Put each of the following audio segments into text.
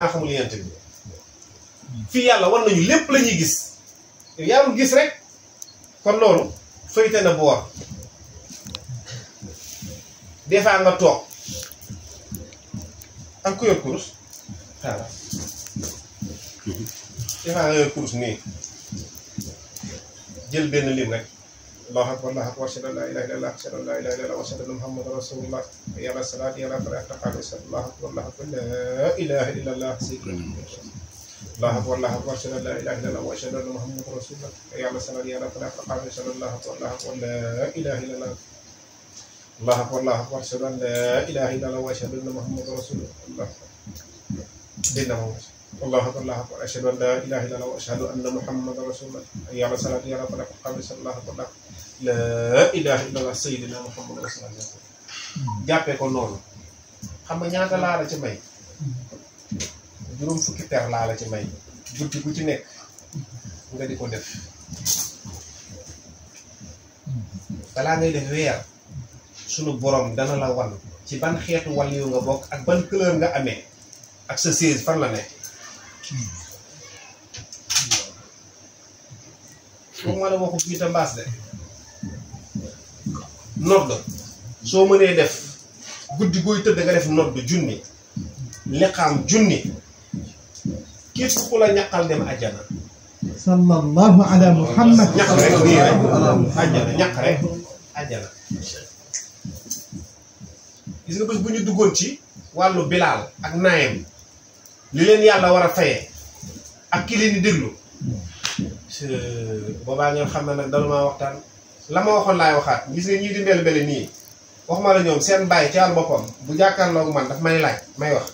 nga xamul yent bi fii yàlla war nañu lépp la ñuy gis yaa ngi gis rek kon loolu fëyte na boor des fois nga toog ak ku yor kurus nga yor kurus nii jël benn lim rek allahu akbar allahu akbar ashhadu an la ilaha illallah ashhadu an la ilaha illallah wa ashhadu anna muhammadan rasulullah hayya ala salati ala falah taqala allahu akbar allahu akbar la ilaha illallah allahu akbar allahu akbar ashhadu an la ilaha illallah wa ashhadu anna muhammadan rasulullah hayya ala salati ala falah taqala allahu akbar allahu akbar la ilaha illallah allahu akbar allahu akbar ashhadu an la ilaha illallah wa ashhadu anna muhammadan rasulullah allahu akbar dina moom الله أكبر الله أكبر أشهد أن لا إله إلا الله وأشهد أن محمدا رسول الله حي على الصلاة يا رب العالمين صلى الله عليه وسلم la ilaha ko noonu xam nga ñaata laa la ci may juróom fukki per laa ci may guddi gu ci nekk nga di ko def balaa ngay def weer sunu borom dana la wan ci ban xeetu wàll yu nga bokk ak ban couleur nga amee ak sa siège fan la ne moom ma la waxu fii te mbaas de nodd soo mënee def guddi gooy tëdd nga def nodd junni liqaam junni képp ku la ñaqal dem ajjana sallallahu ala muhammad ñaq rek nii rek ajjana ñaq rek ajjana gis nga bés bu ñu duggoon ci wàllu bilaal ak naayam li leen yàlla war a fayee ak ki leen di déglu boobaa ngeen xam ne nag dalu maa waxtaan la ma waxoon laay waxaat gis nga ñii di mbel mbele nii waxuma la ñoom seen bàyyi ci àll bu jàkkaarloo man daf may laaj may wax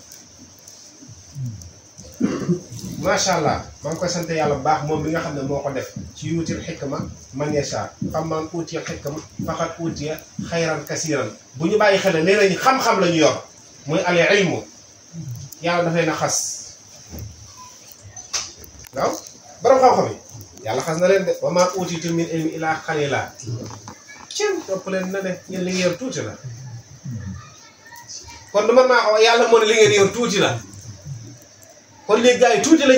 macha allah maa ngi sant yàlla bu baax moom bi nga xam ne moo ko def ci yuutil xikma man yasha xam man uutiya xikma faqad uutiya xayran kasiran bu ñu bàyyi xel nee nañ xam-xam la ñu yor muy al ilmu yàlla daf leen a xas waaw borom xam-xam yi yàlla xas na leen de wa maa uutiitum min ilmi illaa qaliilaa cim topp leen na de yor tuuti la kon du man maa yàlla moo ne li ngeen yor tuuti la kon léegi gars yi tuuti la